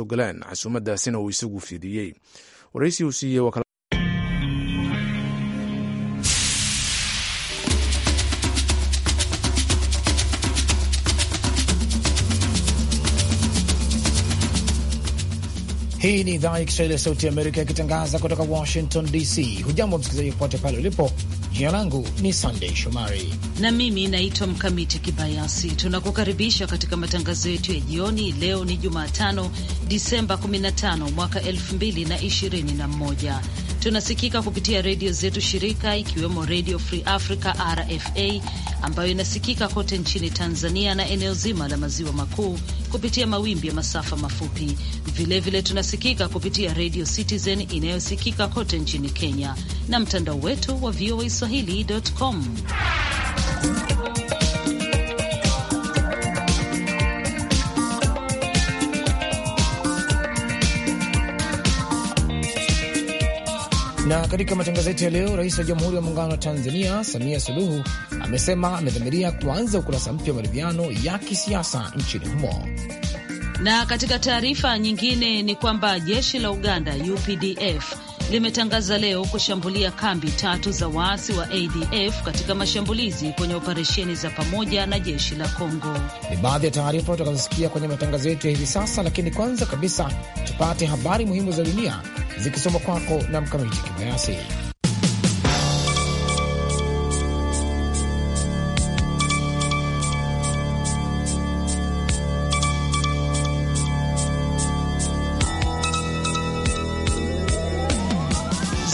ogolaan casuumadaasina uu isagu fidiyey waraysi uu siiyey Hii ni idhaa ya Kiswahili ya Sauti ya Amerika ikitangaza kutoka Washington DC. Hujambo msikilizaji popote pale ulipo, Jina langu ni Sandey Shomari na mimi naitwa Mkamiti Kibayasi. Tunakukaribisha katika matangazo yetu ya jioni. Leo ni Jumatano, Disemba 15 mwaka 2021. Tunasikika kupitia redio zetu shirika ikiwemo Redio Free Africa RFA ambayo inasikika kote nchini Tanzania na eneo zima la maziwa makuu kupitia mawimbi ya masafa mafupi. Vilevile vile tunasikika kupitia Redio Citizen inayosikika kote nchini Kenya na mtandao wetu wa VOA swahili.com. Na katika matangazo yetu ya leo, rais wa Jamhuri ya Muungano wa Tanzania Samia Suluhu amesema amedhamiria kuanza ukurasa mpya wa maridhiano ya kisiasa nchini humo. Na katika taarifa nyingine ni kwamba jeshi la Uganda UPDF limetangaza leo kushambulia kambi tatu za waasi wa ADF katika mashambulizi kwenye operesheni za pamoja na jeshi la Kongo. Ni baadhi ya taarifa utakazosikia kwenye matangazo yetu ya hivi sasa, lakini kwanza kabisa tupate habari muhimu za dunia zikisoma kwako na Mkamiti Kibayasi.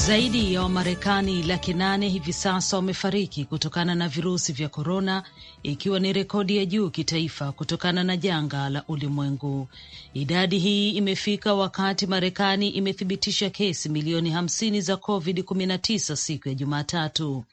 Zaidi ya Wamarekani laki nane hivi sasa wamefariki kutokana na virusi vya korona, ikiwa ni rekodi ya juu kitaifa kutokana na janga la ulimwengu. Idadi hii imefika wakati Marekani imethibitisha kesi milioni hamsini za COVID-19 siku ya Jumatatu.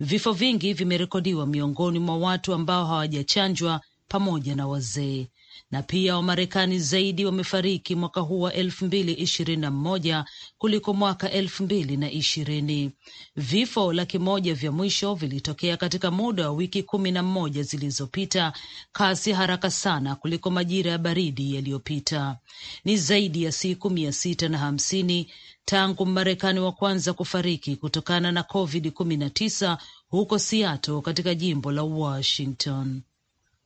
Vifo vingi vimerekodiwa miongoni mwa watu ambao hawajachanjwa pamoja na wazee na pia Wamarekani zaidi wamefariki mwaka huu wa elfu mbili ishirini na mmoja kuliko mwaka elfu mbili na ishirini. Vifo laki moja vya mwisho vilitokea katika muda wa wiki kumi na mmoja zilizopita, kasi haraka sana kuliko majira ya baridi yaliyopita. Ni zaidi ya siku mia sita na hamsini tangu Mmarekani wa kwanza kufariki kutokana na COVID-19 huko Seattle katika jimbo la Washington.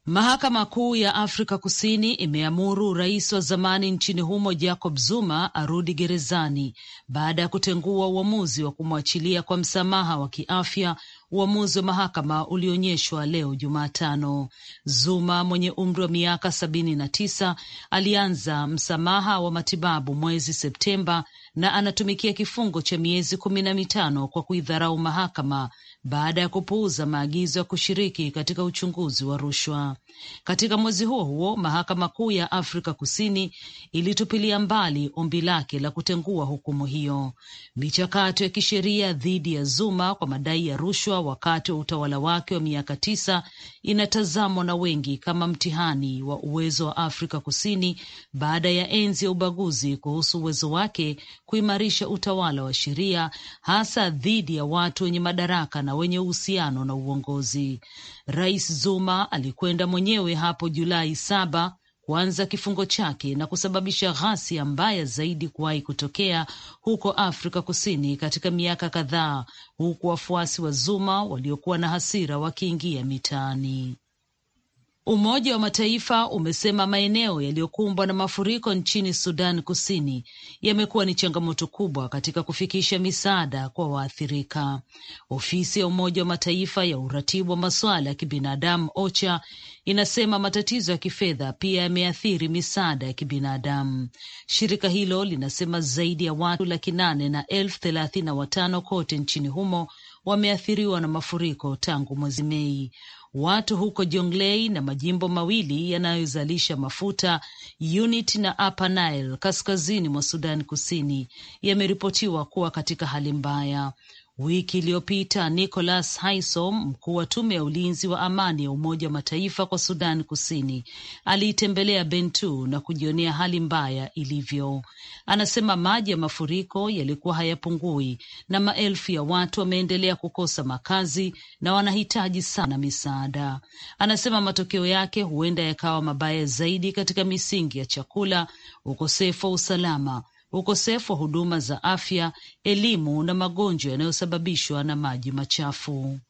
Mahakama Kuu ya Afrika Kusini imeamuru rais wa zamani nchini humo Jacob Zuma arudi gerezani baada ya kutengua uamuzi wa kumwachilia kwa msamaha wa kiafya, uamuzi wa mahakama ulionyeshwa leo Jumatano. Zuma mwenye umri wa miaka sabini na tisa alianza msamaha wa matibabu mwezi Septemba na anatumikia kifungo cha miezi kumi na mitano kwa kuidharau mahakama baada ya kupuuza maagizo ya kushiriki katika uchunguzi wa rushwa. Katika mwezi huo huo, mahakama kuu ya Afrika Kusini ilitupilia mbali ombi lake la kutengua hukumu hiyo. Michakato ya kisheria dhidi ya Zuma kwa madai ya rushwa wakati wa utawala wake wa miaka tisa inatazamwa na wengi kama mtihani wa uwezo wa Afrika Kusini baada ya enzi ya ubaguzi kuhusu uwezo wake kuimarisha utawala wa sheria, hasa dhidi ya watu wenye madaraka na na wenye uhusiano na uongozi. Rais Zuma alikwenda mwenyewe hapo Julai saba kuanza kifungo chake na kusababisha ghasia mbaya zaidi kuwahi kutokea huko Afrika Kusini katika miaka kadhaa, huku wafuasi wa Zuma waliokuwa na hasira wakiingia mitaani. Umoja wa Mataifa umesema maeneo yaliyokumbwa na mafuriko nchini Sudan Kusini yamekuwa ni changamoto kubwa katika kufikisha misaada kwa waathirika. Ofisi ya Umoja wa Mataifa ya uratibu wa masuala ya kibinadamu OCHA inasema matatizo ya kifedha pia yameathiri misaada ya kibinadamu. Shirika hilo linasema zaidi ya watu laki nane na elfu thelathini na watano kote nchini humo wameathiriwa na mafuriko tangu mwezi Mei. Watu huko Jonglei na majimbo mawili yanayozalisha mafuta unit na Upper Nile kaskazini mwa Sudan Kusini yameripotiwa kuwa katika hali mbaya. Wiki iliyopita Nicholas Haysom, mkuu wa tume ya ulinzi wa amani ya Umoja wa Mataifa kwa Sudan Kusini, aliitembelea bentu na kujionea hali mbaya ilivyo. Anasema maji ya mafuriko yalikuwa hayapungui na maelfu ya watu wameendelea kukosa makazi na wanahitaji sana misaada. Anasema matokeo yake huenda yakawa mabaya zaidi katika misingi ya chakula, ukosefu wa usalama ukosefu wa huduma za afya, elimu na magonjwa yanayosababishwa na maji machafu.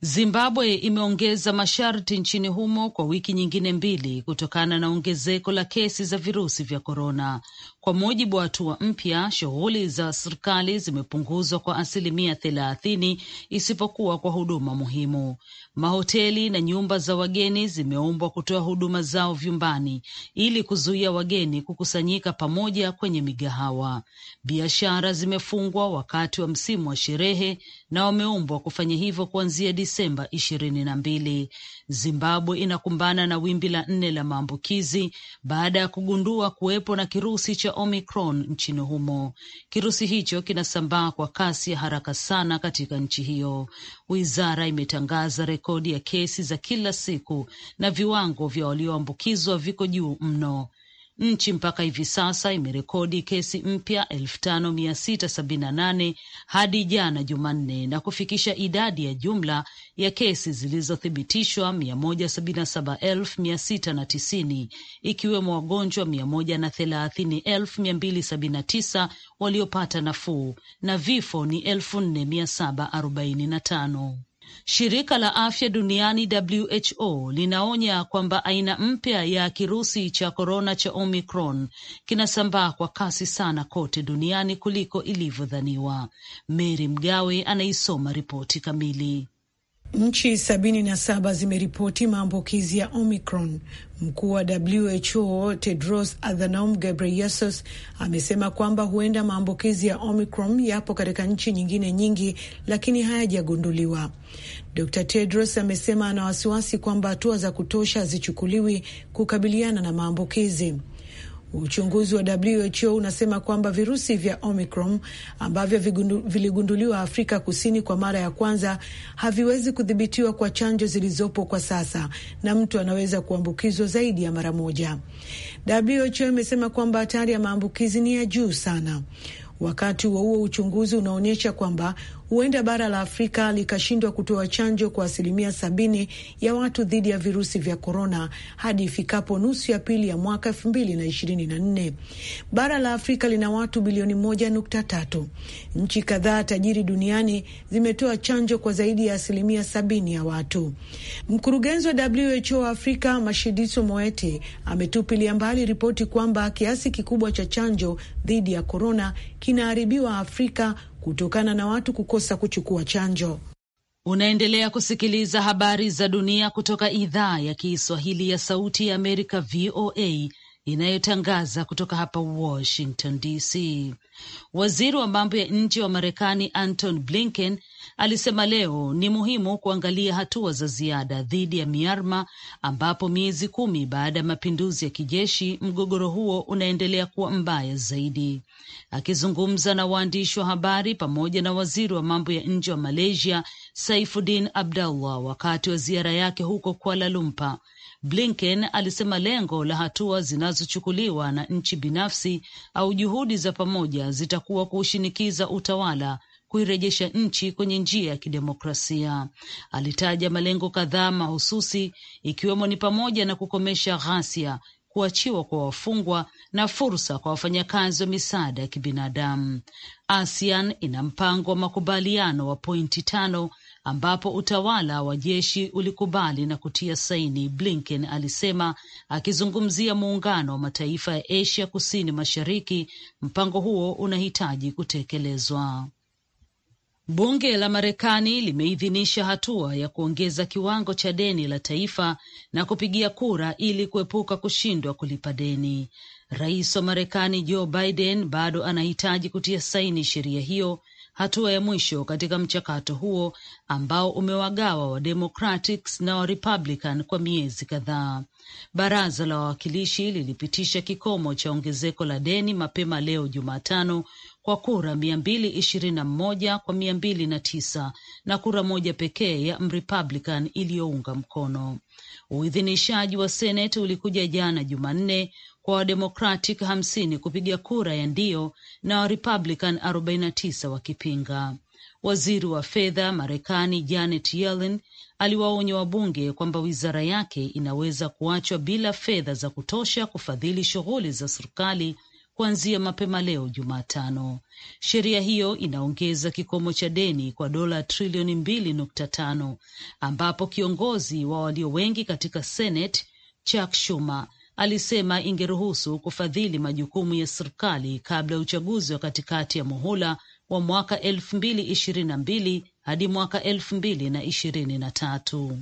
Zimbabwe imeongeza masharti nchini humo kwa wiki nyingine mbili kutokana na ongezeko la kesi za virusi vya korona. Kwa mujibu wa hatua mpya, shughuli za serikali zimepunguzwa kwa asilimia thelathini isipokuwa kwa huduma muhimu. Mahoteli na nyumba za wageni zimeombwa kutoa huduma zao vyumbani ili kuzuia wageni kukusanyika pamoja kwenye migahawa. Biashara zimefungwa wakati wa msimu wa sherehe na wameombwa kufanya hivyo kuanzia Disemba ishirini na mbili. Zimbabwe inakumbana na wimbi la nne la maambukizi baada ya kugundua kuwepo na kirusi cha Omicron nchini humo. Kirusi hicho kinasambaa kwa kasi ya haraka sana katika nchi hiyo. Wizara imetangaza rekodi ya kesi za kila siku na viwango vya walioambukizwa viko juu mno. Nchi mpaka hivi sasa imerekodi kesi mpya elfu tano mia sita sabini na nane hadi jana Jumanne na kufikisha idadi ya jumla ya kesi zilizothibitishwa mia moja saba elfu mia sita na tisini ikiwemo wagonjwa mia moja na thelathini elfu mia mbili na tisa waliopata nafuu na vifo ni elfu nne mia saba arobaini na tano. Shirika la afya duniani WHO linaonya kwamba aina mpya ya kirusi cha korona cha Omicron kinasambaa kwa kasi sana kote duniani kuliko ilivyodhaniwa. mery Mgawe anaisoma ripoti kamili. Nchi sabini na saba zimeripoti maambukizi ya Omicron. Mkuu wa WHO Tedros Adhanom Ghebreyesus amesema kwamba huenda maambukizi ya Omicron yapo katika nchi nyingine nyingi, lakini hayajagunduliwa. Dr Tedros amesema ana wasiwasi kwamba hatua za kutosha hazichukuliwi kukabiliana na maambukizi. Uchunguzi wa WHO unasema kwamba virusi vya Omicron ambavyo viligunduliwa Afrika Kusini kwa mara ya kwanza haviwezi kudhibitiwa kwa chanjo zilizopo kwa sasa, na mtu anaweza kuambukizwa zaidi ya mara moja. WHO imesema kwamba hatari ya maambukizi ni ya juu sana. Wakati huo huo, uchunguzi unaonyesha kwamba huenda bara la Afrika likashindwa kutoa chanjo kwa asilimia sabini ya watu dhidi ya virusi vya korona hadi ifikapo nusu ya pili ya mwaka elfu mbili na ishirini na nne. Bara la Afrika lina watu bilioni moja nukta tatu. Nchi kadhaa tajiri duniani zimetoa chanjo kwa zaidi ya asilimia sabini ya watu. Mkurugenzi wa WHO wa Afrika Mashidiso Moeti ametupilia mbali ripoti kwamba kiasi kikubwa cha chanjo dhidi ya korona kinaharibiwa Afrika kutokana na watu kukosa kuchukua chanjo. Unaendelea kusikiliza habari za dunia kutoka idhaa ya Kiswahili ya Sauti ya Amerika, VOA, inayotangaza kutoka hapa Washington DC. Waziri wa mambo ya nje wa Marekani Anton Blinken alisema leo ni muhimu kuangalia hatua za ziada dhidi ya Myanmar, ambapo miezi kumi baada ya mapinduzi ya kijeshi mgogoro huo unaendelea kuwa mbaya zaidi. Akizungumza na waandishi wa habari pamoja na waziri wa mambo ya nje wa Malaysia Saifuddin Abdullah wakati wa ziara yake huko Kuala Lumpur, Blinken alisema lengo la hatua zinazochukuliwa na nchi binafsi au juhudi za pamoja zitakuwa kuushinikiza utawala kuirejesha nchi kwenye njia ya kidemokrasia. Alitaja malengo kadhaa mahususi ikiwemo ni pamoja na kukomesha ghasia, kuachiwa kwa wafungwa na fursa kwa wafanyakazi wa misaada ya kibinadamu. ASEAN ina mpango wa makubaliano wa pointi tano ambapo utawala wa jeshi ulikubali na kutia saini, Blinken alisema akizungumzia muungano wa mataifa ya Asia Kusini Mashariki. Mpango huo unahitaji kutekelezwa. Bunge la Marekani limeidhinisha hatua ya kuongeza kiwango cha deni la taifa na kupigia kura ili kuepuka kushindwa kulipa deni. Rais wa Marekani Joe Biden bado anahitaji kutia saini sheria hiyo hatua ya mwisho katika mchakato huo ambao umewagawa wa Democrats na wa Republican kwa miezi kadhaa. Baraza la Wawakilishi lilipitisha kikomo cha ongezeko la deni mapema leo Jumatano kwa kura mia mbili ishirini na moja kwa mia mbili na tisa na kura moja pekee ya Mrepublican iliyounga mkono. Uidhinishaji wa Senate ulikuja jana Jumanne kwa Wademokratic 50 kupiga kura ya ndio na Warepublican 49 wakipinga. Waziri wa fedha Marekani Janet Yellen aliwaonya wabunge kwamba wizara yake inaweza kuachwa bila fedha za kutosha kufadhili shughuli za serikali kuanzia mapema leo Jumatano. Sheria hiyo inaongeza kikomo cha deni kwa dola trilioni mbili nukta tano ambapo kiongozi wa walio wengi katika Senate Chuck Schumer alisema ingeruhusu kufadhili majukumu ya serikali kabla ya uchaguzi wa katikati ya muhula wa mwaka elfu mbili ishirini na mbili hadi mwaka elfu mbili na ishirini na tatu.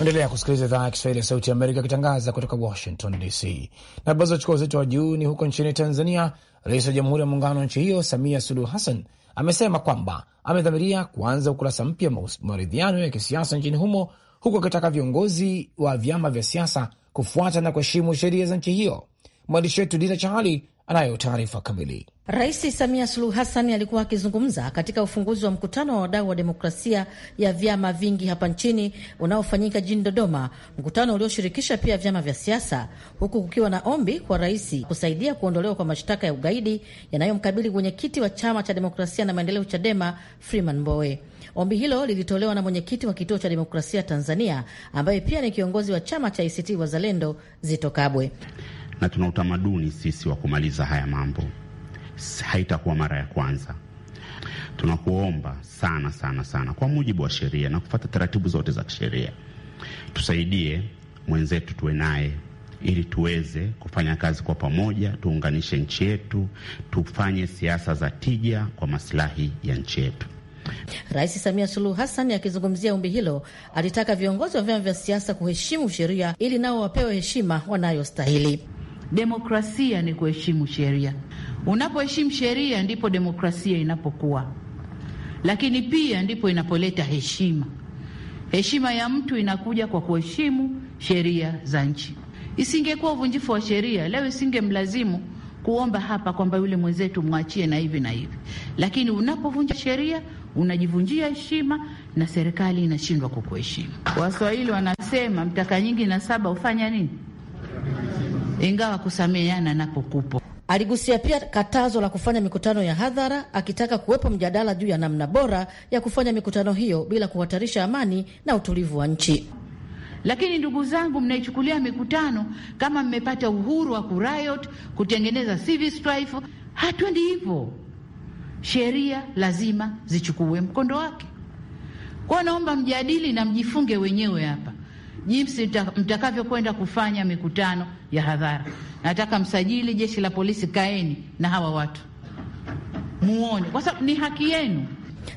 Endelea kusikiliza idhaa ya Kiswahili ya Sauti ya Amerika ikitangaza kutoka Washington DC. Na bazo chukua uzito wa juu ni huko nchini Tanzania. Rais wa Jamhuri ya Muungano wa nchi hiyo Samia Suluhu Hassan amesema kwamba amedhamiria kuanza ukurasa mpya maridhiano ya kisiasa nchini humo, huku akitaka viongozi wa vyama vya siasa kufuata na kuheshimu sheria za nchi hiyo. Mwandishi wetu Dina Chahali anayo taarifa kamili. Rais Samia Suluhu Hassan alikuwa akizungumza katika ufunguzi wa mkutano wa wadau wa demokrasia ya vyama vingi hapa nchini unaofanyika jijini Dodoma, mkutano ulioshirikisha pia vyama vya siasa, huku kukiwa na ombi kwa rais kusaidia kuondolewa kwa mashtaka ya ugaidi yanayomkabili mwenyekiti wa chama cha demokrasia na maendeleo CHADEMA Freeman Mbowe. Ombi hilo lilitolewa na mwenyekiti wa kituo cha demokrasia Tanzania ambaye pia ni kiongozi wa chama cha ACT Wazalendo zitokabwe Kabwe. na tuna utamaduni sisi wa kumaliza haya mambo haitakuwa mara ya kwanza. Tunakuomba sana sana sana, kwa mujibu wa sheria na kufata taratibu zote za kisheria, tusaidie mwenzetu, tuwe naye ili tuweze kufanya kazi kwa pamoja, tuunganishe nchi yetu, tufanye siasa za tija kwa masilahi ya nchi yetu. Rais Samia Suluhu Hassan akizungumzia ombi hilo alitaka viongozi wa vyama vya siasa kuheshimu sheria ili nao wapewe heshima wanayostahili. Demokrasia ni kuheshimu sheria. Unapoheshimu sheria ndipo demokrasia inapokuwa, lakini pia ndipo inapoleta heshima. Heshima ya mtu inakuja kwa kuheshimu sheria za nchi. Isingekuwa uvunjifu wa sheria, leo isingemlazimu kuomba hapa kwamba yule mwenzetu mwachie na hivi na hivi, lakini unapovunja sheria unajivunjia heshima na serikali inashindwa kukuheshimu. Waswahili wanasema mtaka nyingi na saba hufanya nini? Ingawa kusameheana napokupo Aligusia pia katazo la kufanya mikutano ya hadhara, akitaka kuwepo mjadala juu ya namna bora ya kufanya mikutano hiyo bila kuhatarisha amani na utulivu wa nchi. Lakini ndugu zangu, mnaichukulia mikutano kama mmepata uhuru wa kuriot, kutengeneza civil strife. Hatuendi hivyo, sheria lazima zichukue mkondo wake. Kwa naomba mjadili na mjifunge wenyewe hapa jinsi mtakavyokwenda kufanya mikutano ya hadhara. Nataka msajili, jeshi la polisi, kaeni na hawa watu muone, kwa sababu ni haki yenu.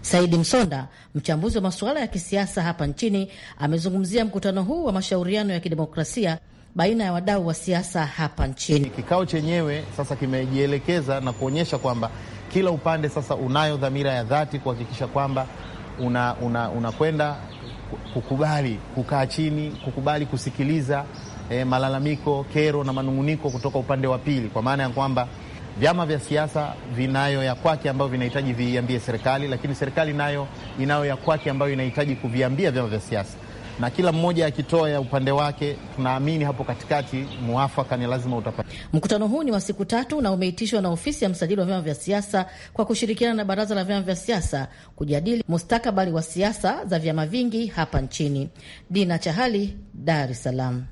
Saidi Msonda, mchambuzi wa masuala ya kisiasa hapa nchini, amezungumzia mkutano huu wa mashauriano ya kidemokrasia baina ya wadau wa siasa hapa nchini. Kikao chenyewe sasa kimejielekeza na kuonyesha kwamba kila upande sasa unayo dhamira ya dhati kuhakikisha kwamba unakwenda una, kukubali kukaa chini, kukubali kusikiliza e, malalamiko, kero na manunguniko kutoka upande wa pili, kwa maana ya kwamba vyama vya siasa vinayo ya kwake ambayo vinahitaji viiambie serikali, lakini serikali nayo inayo ya kwake ambayo inahitaji kuviambia vyama vya siasa na kila mmoja akitoa ya upande wake, tunaamini hapo katikati mwafaka ni lazima utapatikana. Mkutano huu ni wa siku tatu na umeitishwa na ofisi ya msajili wa vyama vya siasa kwa kushirikiana na baraza la vyama vya siasa kujadili mustakabali wa siasa za vyama vingi hapa nchini. Dina Chahali, Dar es Salaam.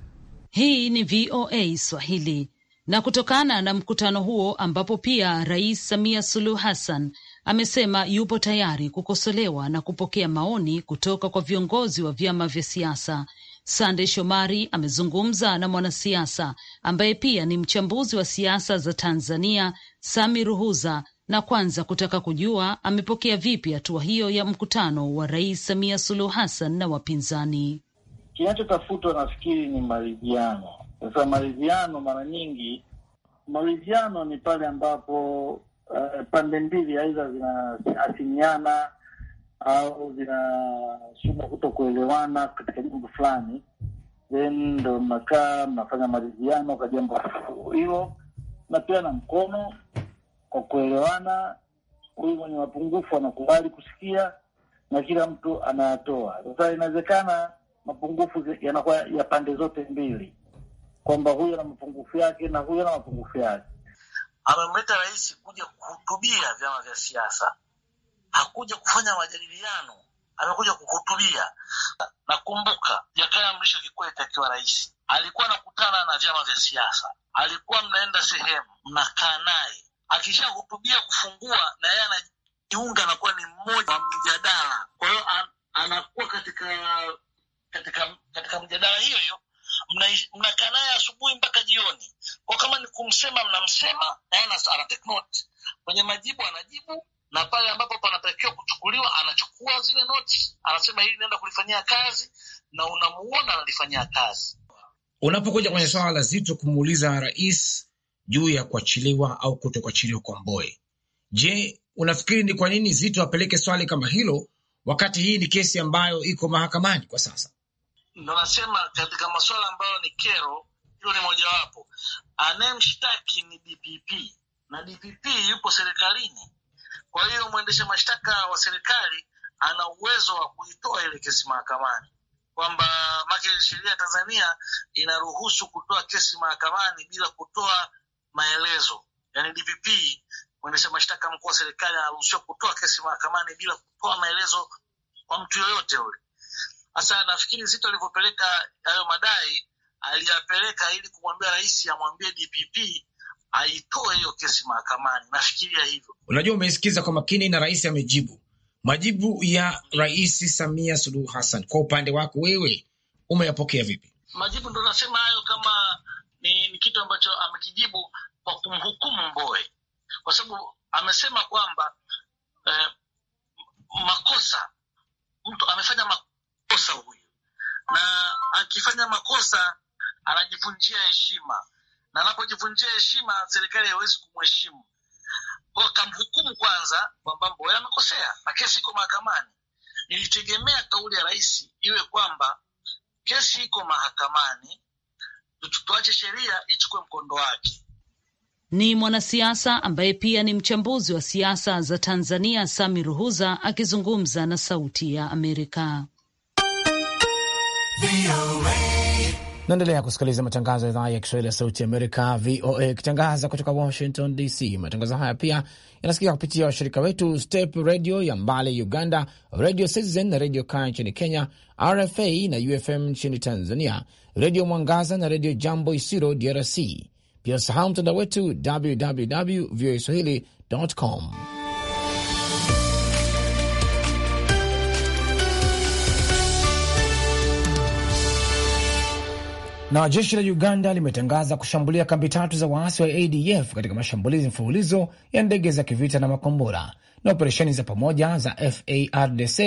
Hii ni VOA Swahili. Na kutokana na mkutano huo ambapo pia Rais Samia Suluhu Hassan amesema yupo tayari kukosolewa na kupokea maoni kutoka kwa viongozi wa vyama vya siasa. Sande Shomari amezungumza na mwanasiasa ambaye pia ni mchambuzi wa siasa za Tanzania, Sami Ruhuza, na kwanza kutaka kujua amepokea vipi hatua hiyo ya mkutano wa Rais Samia Suluhu Hassan na wapinzani. Kinachotafutwa nafikiri ni maridhiano. Sasa maridhiano, mara nyingi maridhiano ni pale ambapo uh, pande mbili aidha zinaasimiana au zinashindwa kuto kuelewana katika jambo fulani, then ndo mnakaa mnafanya maridhiano kwa jambo hilo, na pia na mkono kwa kuelewana. Huyu mwenye mapungufu anakubali kusikia na kila mtu anayatoa Sasa inawezekana mapungufu yanakuwa ya pande zote mbili, kwamba huyu ana mapungufu yake na huyu ana mapungufu yake amemleta rais kuja kuhutubia vyama vya siasa, hakuja kufanya majadiliano, amekuja kuhutubia. Nakumbuka Jakaya Mrisho Kikwete akiwa rais alikuwa anakutana na vyama vya siasa, alikuwa mnaenda sehemu mnakaa naye, akishahutubia kufungua, na yeye anajiunga, anakuwa ni mmoja wa mjadala. Kwa hiyo anakuwa katika katika katika mjadala hiyo hiyo mnakaa naye asubuhi mpaka jioni. Kwa kama ni kumsema, mnamsema naye ana take note kwenye majibu, anajibu na pale ambapo panatakiwa kuchukuliwa anachukua zile notes, anasema hili naenda kulifanyia kazi, na unamuona analifanyia kazi. Unapokuja kwenye swala la Zito kumuuliza rais juu ya kuachiliwa au kuto kuachiliwa kwa Mboe, je, unafikiri ni kwa nini Zito apeleke swali kama hilo wakati hii ni kesi ambayo iko mahakamani kwa sasa? ndo nasema katika masuala ambayo ni kero, hiyo ni mojawapo. Anayemshtaki ni DPP na DPP yupo serikalini, kwa hiyo mwendesha mashtaka wa serikali ana uwezo wa kuitoa ile kesi mahakamani kwamba make sheria ya Tanzania inaruhusu kutoa kesi mahakamani bila kutoa maelezo. Yani DPP mwendesha mashtaka mkuu wa serikali anaruhusiwa kutoa kesi mahakamani bila kutoa maelezo kwa mtu yoyote yule. Sasa nafikiri Zito alivyopeleka hayo madai aliyapeleka ili kumwambia rais amwambie DPP aitoe hiyo kesi mahakamani. Nafikiria hivyo. Unajua, umeisikiza kwa makini na rais amejibu. Majibu ya Rais Samia Suluhu Hassan kwa upande wako wewe umeyapokea vipi? Majibu ndo nasema hayo, kama ni, ni kitu ambacho amekijibu kwa kumhukumu Mboe kwa sababu amesema kwamba eh, makosa mtu amefanya makosa na akifanya makosa anajivunjia heshima, na anapojivunjia heshima serikali haiwezi kumheshimu. Kwa kamhukumu kwanza kwamba Mboya amekosea na kesi iko mahakamani. Nilitegemea kauli ya rais iwe kwamba kesi iko mahakamani, tuache sheria ichukue mkondo wake. Ni mwanasiasa ambaye pia ni mchambuzi wa siasa za Tanzania, Sami Ruhuza akizungumza na Sauti ya Amerika. Naendelea kusikiliza matangazo ya idhaa ya Kiswahili ya Sauti Amerika, VOA, ikitangaza kutoka Washington DC. Matangazo haya pia yanasikika kupitia washirika wetu Step Radio ya Mbale Uganda, Radio Citizen na Radio Kaya nchini Kenya, RFA na UFM nchini Tanzania, Redio Mwangaza na Redio Jambo Isiro DRC. Pia usahau mtandao wetu www voa swahili com Na jeshi la Uganda limetangaza kushambulia kambi tatu za waasi wa ADF katika mashambulizi mfululizo ya ndege za kivita na makombora, na operesheni za pamoja za FARDC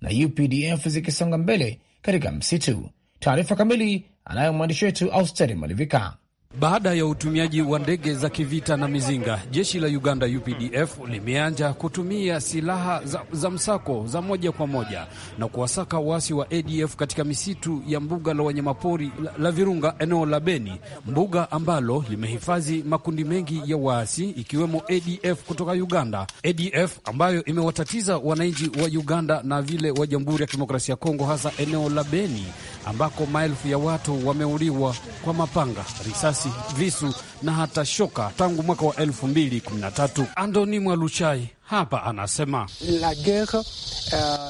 na UPDF zikisonga mbele katika msitu. Taarifa kamili anayo mwandishi wetu Austeri Malivika. Baada ya utumiaji wa ndege za kivita na mizinga, jeshi la Uganda UPDF limeanja kutumia silaha za, za msako za moja kwa moja na kuwasaka waasi wa ADF katika misitu ya mbuga la wanyamapori la, la Virunga eneo la Beni, mbuga ambalo limehifadhi makundi mengi ya waasi ikiwemo ADF kutoka Uganda, ADF ambayo imewatatiza wananchi wa Uganda na vile wa Jamhuri ya Kidemokrasia ya Kongo, hasa eneo la Beni ambako maelfu ya watu wameuliwa kwa mapanga, risasi risasi, visu na hata shoka tangu mwaka wa 2013. Andoni Mwaluchai, hapa anasema euh,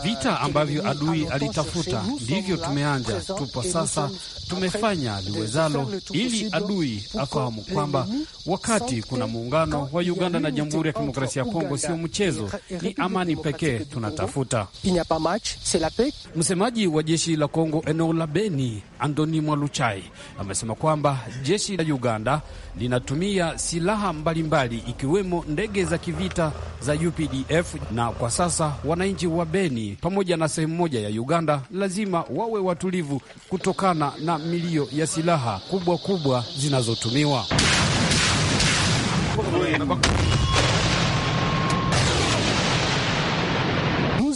vita ambavyo adui alitafuta ndivyo tumeanja, tupo sasa, tumefanya liwezalo ili adui afahamu kwamba wakati kuna muungano wa Uganda na Jamhuri ya Kidemokrasia ya Kongo sio mchezo, ni amani pekee tunatafuta. Msemaji wa jeshi la Kongo eneo la Beni, Antoni Mwaluchai, amesema kwamba jeshi la Uganda linatumia silaha mbalimbali mbali, ikiwemo ndege za kivita za UPDF, na kwa sasa wananchi wa Beni pamoja na sehemu moja ya Uganda lazima wawe watulivu kutokana na milio ya silaha kubwa kubwa zinazotumiwa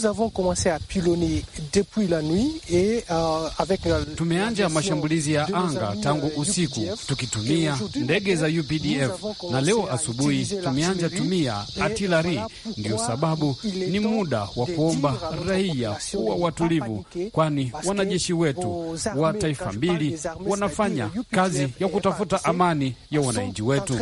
nous avons commencé à pilonner depuis la nuit et, uh, avec tumeanja mashambulizi ya anga tangu euh, usiku UPDF, tukitumia ndege za UPDF na leo asubuhi tumeanja tumia atilari. ndio sababu ni muda wa kuomba raia kuwa watulivu, kwani wanajeshi wetu wa taifa mbili wanafanya kazi ya kutafuta amani ya wananchi wetu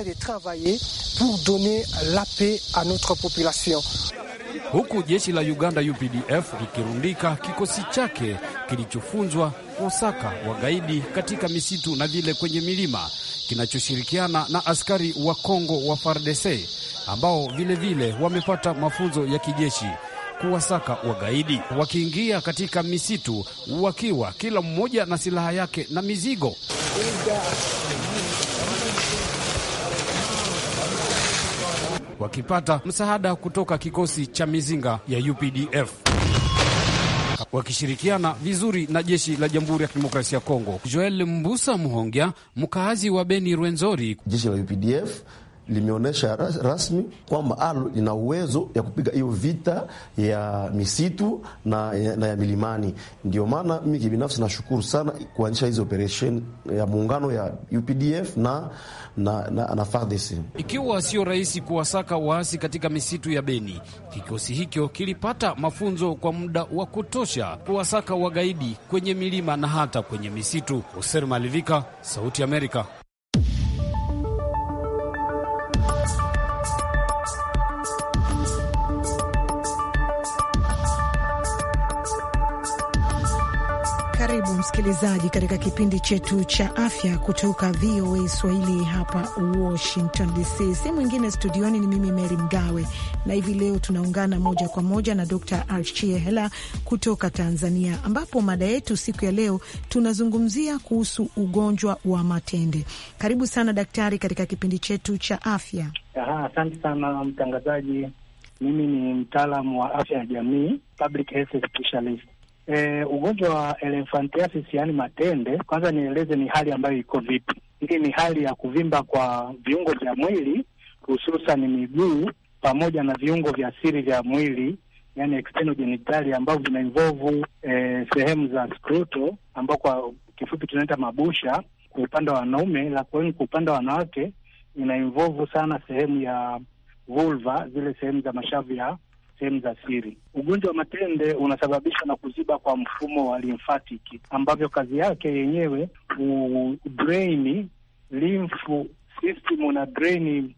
huku jeshi la Uganda UPDF likirundika kikosi chake kilichofunzwa kuwasaka wagaidi katika misitu na vile kwenye milima kinachoshirikiana na askari wa Kongo wa FARDC ambao vilevile vile wamepata mafunzo ya kijeshi kuwasaka wagaidi wakiingia katika misitu wakiwa kila mmoja na silaha yake na mizigo. wakipata msaada kutoka kikosi cha mizinga ya UPDF wakishirikiana vizuri na jeshi la Jamhuri ya Kidemokrasia ya Kongo. Joel Mbusa Muhongya, mkaazi wa Beni Rwenzori. Jeshi la UPDF limeonyesha rasmi kwamba ALO lina uwezo ya kupiga hiyo vita ya misitu na, na ya milimani. Ndio maana mimi kibinafsi nashukuru sana kuanzisha hizi operation ya muungano ya UPDF na, na, na, na FARDC. Ikiwa sio rahisi kuwasaka waasi katika misitu ya Beni, kikosi hicho kilipata mafunzo kwa muda wa kutosha kuwasaka wagaidi kwenye milima na hata kwenye misitu. Hoser Malivika, Sauti Amerika. msikilizaji, katika kipindi chetu cha afya kutoka VOA Swahili hapa Washington DC. Si mwingine studioni, ni mimi mery Mgawe, na hivi leo tunaungana moja kwa moja na Dr Archie Hela kutoka Tanzania, ambapo mada yetu siku ya leo tunazungumzia kuhusu ugonjwa wa matende. Karibu sana daktari katika kipindi chetu cha afya. Asante sana mtangazaji. Mimi ni mtaalamu wa afya ya jamii, public health specialist E, ugonjwa wa elephantiasis yaani matende, kwanza nieleze ni hali ambayo iko vipi. Hii ni hali ya kuvimba kwa viungo vya mwili hususan miguu pamoja na viungo vya siri vya mwili yani external genitalia ambavyo vina involve e, sehemu za scroto ambao kwa kifupi tunaita mabusha kwa upande wa wanaume, lakini kwa upande wa wanawake ina involve sana sehemu ya vulva, zile sehemu za mashavu ya sehemu za siri. Ugonjwa wa matende unasababishwa na kuziba kwa mfumo wa limfatiki, ambavyo kazi yake yenyewe udraini limfu system na draini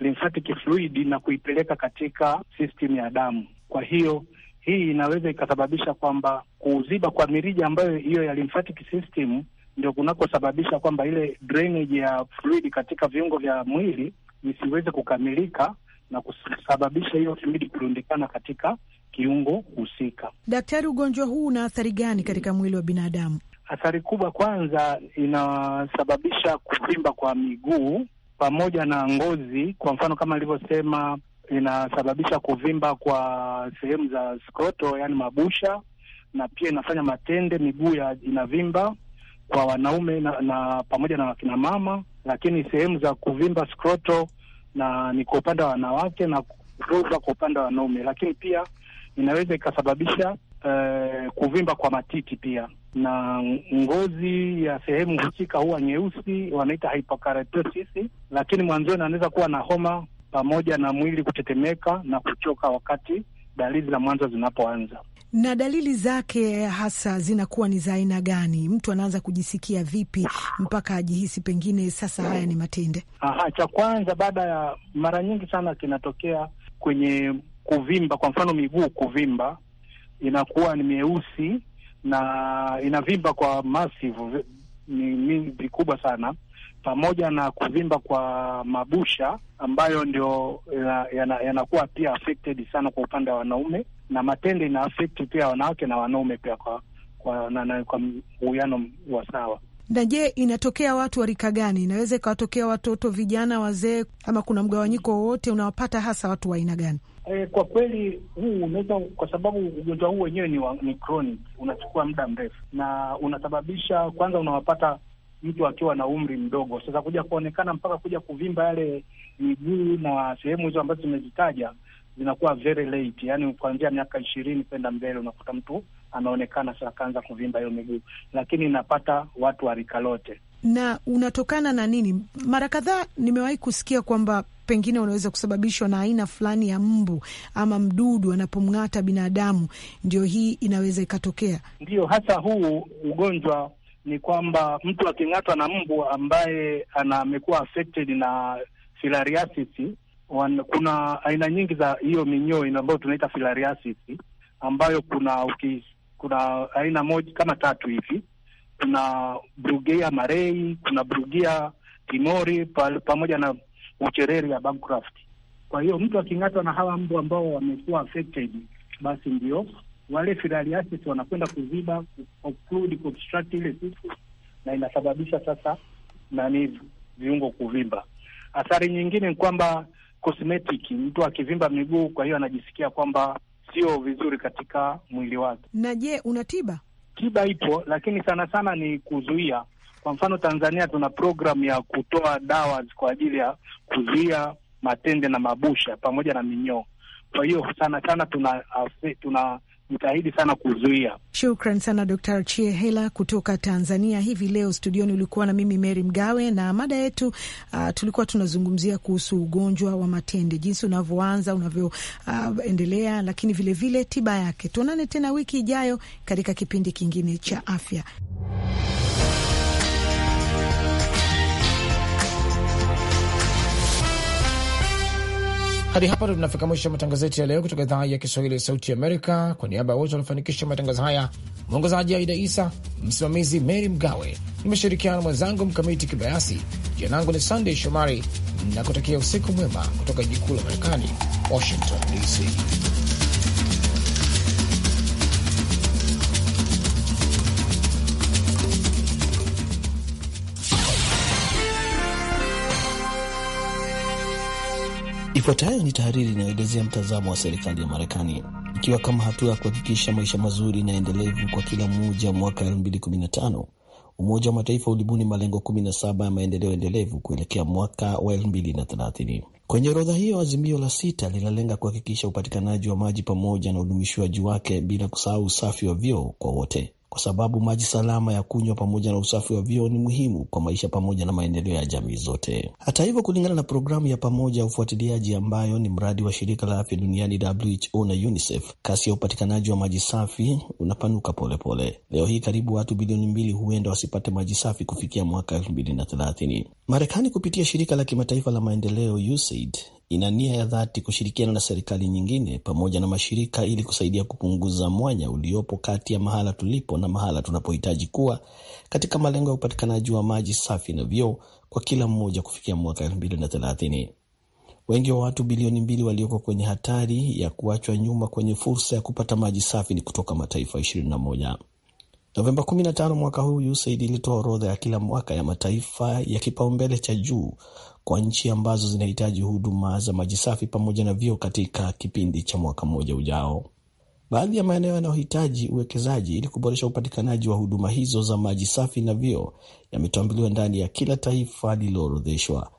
lymphatic fluid na kuipeleka katika system ya damu. Kwa hiyo hii inaweza ikasababisha kwamba kuziba kwa mirija ambayo hiyo ya lymphatic system ndio kunakosababisha kwamba ile drainage ya fluid katika viungo vya mwili isiweze kukamilika na kusababisha hiyo fluidi kurundikana katika kiungo husika. Daktari, ugonjwa huu una athari gani katika mwili wa binadamu? Athari kubwa, kwanza inasababisha kuvimba kwa miguu pamoja na ngozi. Kwa mfano kama ilivyosema inasababisha kuvimba kwa sehemu za skroto, yaani mabusha, na pia inafanya matende, miguu inavimba kwa wanaume na, na pamoja na wakina mama, lakini sehemu za kuvimba skroto na ni kwa upande wa wanawake na roba kwa upande wa wanaume, lakini pia inaweza ikasababisha uh, kuvimba kwa matiti pia na ngozi ya sehemu husika huwa nyeusi, wanaita hypokeratosis, lakini mwanzoni anaweza kuwa na homa pamoja na mwili kutetemeka na kuchoka wakati dalili za mwanzo zinapoanza na dalili zake hasa zinakuwa ni za aina gani? Mtu anaanza kujisikia vipi mpaka ajihisi pengine sasa haya ni matende? Aha, cha kwanza baada ya mara nyingi sana kinatokea kwenye kuvimba, kwa mfano miguu kuvimba, inakuwa ni meusi na inavimba kwa massive, ni vikubwa sana, pamoja na kuvimba kwa mabusha ambayo ndio yanakuwa ya ya pia affected sana kwa upande wa wanaume na matendo ina affect pia wanawake na wanaume pia kwa kwa na, na, kwa uwiano wa sawa. Na je, inatokea watu wa rika gani? Inaweza ikawatokea watoto, vijana, wazee, ama kuna mgawanyiko wowote unawapata hasa watu wa aina gani? E, kwa kweli huu unaweza, kwa sababu ugonjwa huu wenyewe ni, ni chronic, unachukua muda mrefu na unasababisha kwanza, unawapata mtu akiwa na umri mdogo. Sasa kuja kuonekana mpaka kuja kuvimba yale miguu na sehemu hizo ambazo zimezitaja zinakuwa very late, yani kuanzia miaka ishirini kwenda mbele, unakuta mtu anaonekana sasa akaanza kuvimba hiyo miguu, lakini inapata watu wa rika lote. Na unatokana na nini? Mara kadhaa nimewahi kusikia kwamba pengine unaweza kusababishwa na aina fulani ya mbu ama mdudu anapomng'ata binadamu, ndio hii inaweza ikatokea. Ndio hasa huu ugonjwa ni kwamba mtu aking'atwa na mbu ambaye amekuwa affected na filariasis wan, kuna aina nyingi za hiyo minyoo ambayo tunaita filariasis ambayo kuna uki, kuna aina moja kama tatu hivi. Kuna Brugia marei, kuna Brugia timori pa, pamoja na uchereri ya Bancroft. Kwa hiyo mtu aking'atwa na hawa mbu ambao wamekuwa affected, basi ndio wale filariasis wanakwenda kuziba, occlude, obstruct ile siku, na inasababisha sasa nani viungo kuvimba. Athari nyingine ni kwamba cosmetic, mtu akivimba miguu, kwa hiyo anajisikia kwamba sio vizuri katika mwili wake. Na je, una tiba? Tiba ipo, lakini sana sana ni kuzuia. Kwa mfano, Tanzania tuna programu ya kutoa dawa kwa ajili ya kuzuia matende na mabusha pamoja na minyoo. Kwa hiyo sana sana tuna uh, tuna jitahidi sana kuzuia. Shukran sana Dr. Chiehela kutoka Tanzania. Hivi leo studioni ulikuwa na mimi Mary Mgawe, na mada yetu uh, tulikuwa tunazungumzia kuhusu ugonjwa wa matende, jinsi unavyoanza unavyoendelea, uh, lakini vilevile vile tiba yake. Tuonane tena wiki ijayo katika kipindi kingine cha afya. Hadi hapa ndo tunafika mwisho wa matangazo yetu ya leo kutoka idhaa ya Kiswahili ya Sauti Amerika. Kwa niaba ya wote waliofanikisha matangazo haya, mwongozaji Aida Isa, msimamizi Mary Mgawe, nimeshirikiana na mwenzangu Mkamiti Kibayasi. Jina langu ni Sandey Shomari na kutakia usiku mwema kutoka jikuu la Marekani, Washington DC. Ifuatayo ni tahariri inayoelezea mtazamo wa serikali ya Marekani ikiwa kama hatua ya kuhakikisha maisha mazuri na endelevu kwa kila mmoja. Mwaka 2015 Umoja wa Mataifa ulibuni malengo 17 ya maendeleo endelevu kuelekea mwaka wa 2030. Kwenye orodha hiyo, azimio la sita linalenga kuhakikisha upatikanaji wa maji pamoja na udumishwaji wake, bila kusahau usafi wa vyoo kwa wote kwa sababu maji salama ya kunywa pamoja na usafi wa vyoo ni muhimu kwa maisha pamoja na maendeleo ya jamii zote. Hata hivyo, kulingana na programu ya pamoja ya ufuatiliaji ambayo ni mradi wa shirika la afya duniani WHO na UNICEF, kasi ya upatikanaji wa maji safi unapanuka polepole pole. Leo hii karibu watu bilioni mbili huenda wasipate maji safi kufikia mwaka thelathini. Marekani kupitia shirika la kimataifa la maendeleo USAID ina nia ya dhati kushirikiana na serikali nyingine pamoja na mashirika ili kusaidia kupunguza mwanya uliopo kati ya mahala tulipo na mahala tunapohitaji kuwa katika malengo ya upatikanaji wa maji safi na vyoo kwa kila mmoja kufikia mwaka 2030. Wengi wa watu bilioni mbili walioko kwenye hatari ya kuachwa nyuma kwenye fursa ya kupata maji safi ni kutoka mataifa 21. Novemba 15 mwaka huu USAID ilitoa orodha ya kila mwaka ya mataifa ya kipaumbele cha juu kwa nchi ambazo zinahitaji huduma za maji safi pamoja na vyoo katika kipindi cha mwaka mmoja ujao. Baadhi ya maeneo yanayohitaji uwekezaji ili kuboresha upatikanaji wa huduma hizo za maji safi na vyoo yametambuliwa ndani ya kila taifa lililoorodheshwa.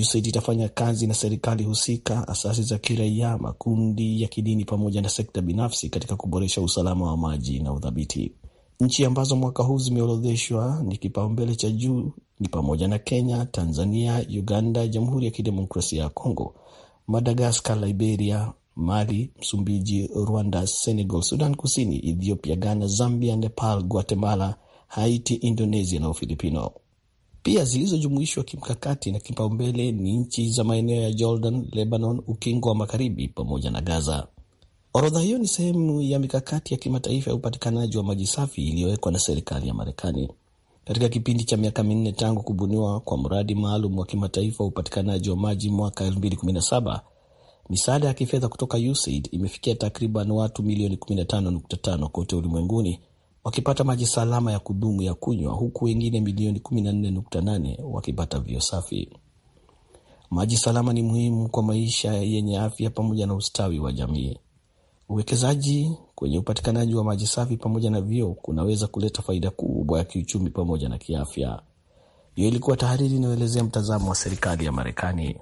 USAID itafanya kazi na serikali husika, asasi za kiraia, makundi ya kidini pamoja na sekta binafsi katika kuboresha usalama wa maji na udhabiti. Nchi ambazo mwaka huu zimeorodheshwa ni kipaumbele cha juu ni pamoja na Kenya, Tanzania, Uganda, Jamhuri ya Kidemokrasia ya Kongo, Madagaskar, Liberia, Mali, Msumbiji, Rwanda, Senegal, Sudan Kusini, Ethiopia, Ghana, Zambia, Nepal, Guatemala, Haiti, Indonesia na Ufilipino. Pia zilizojumuishwa kimkakati na kipaumbele ni nchi za maeneo ya Jordan, Lebanon, Ukingo wa Magharibi pamoja na Gaza. Orodha hiyo ni sehemu ya mikakati ya kimataifa ya upatikanaji wa maji safi iliyowekwa na serikali ya Marekani katika kipindi cha miaka minne tangu kubuniwa kwa mradi maalum wa kimataifa wa upatikanaji wa maji mwaka 2017, misaada ya kifedha kutoka USAID imefikia takriban watu milioni 15.5 kote ulimwenguni wakipata maji salama ya kudumu ya kunywa, huku wengine milioni 14.8 wakipata vio safi. Maji salama ni muhimu kwa maisha yenye afya pamoja na ustawi wa jamii. Uwekezaji kwenye upatikanaji wa maji safi pamoja na vyoo kunaweza kuleta faida kubwa ya kiuchumi pamoja na kiafya. Hiyo ilikuwa tahariri inayoelezea mtazamo wa serikali ya Marekani.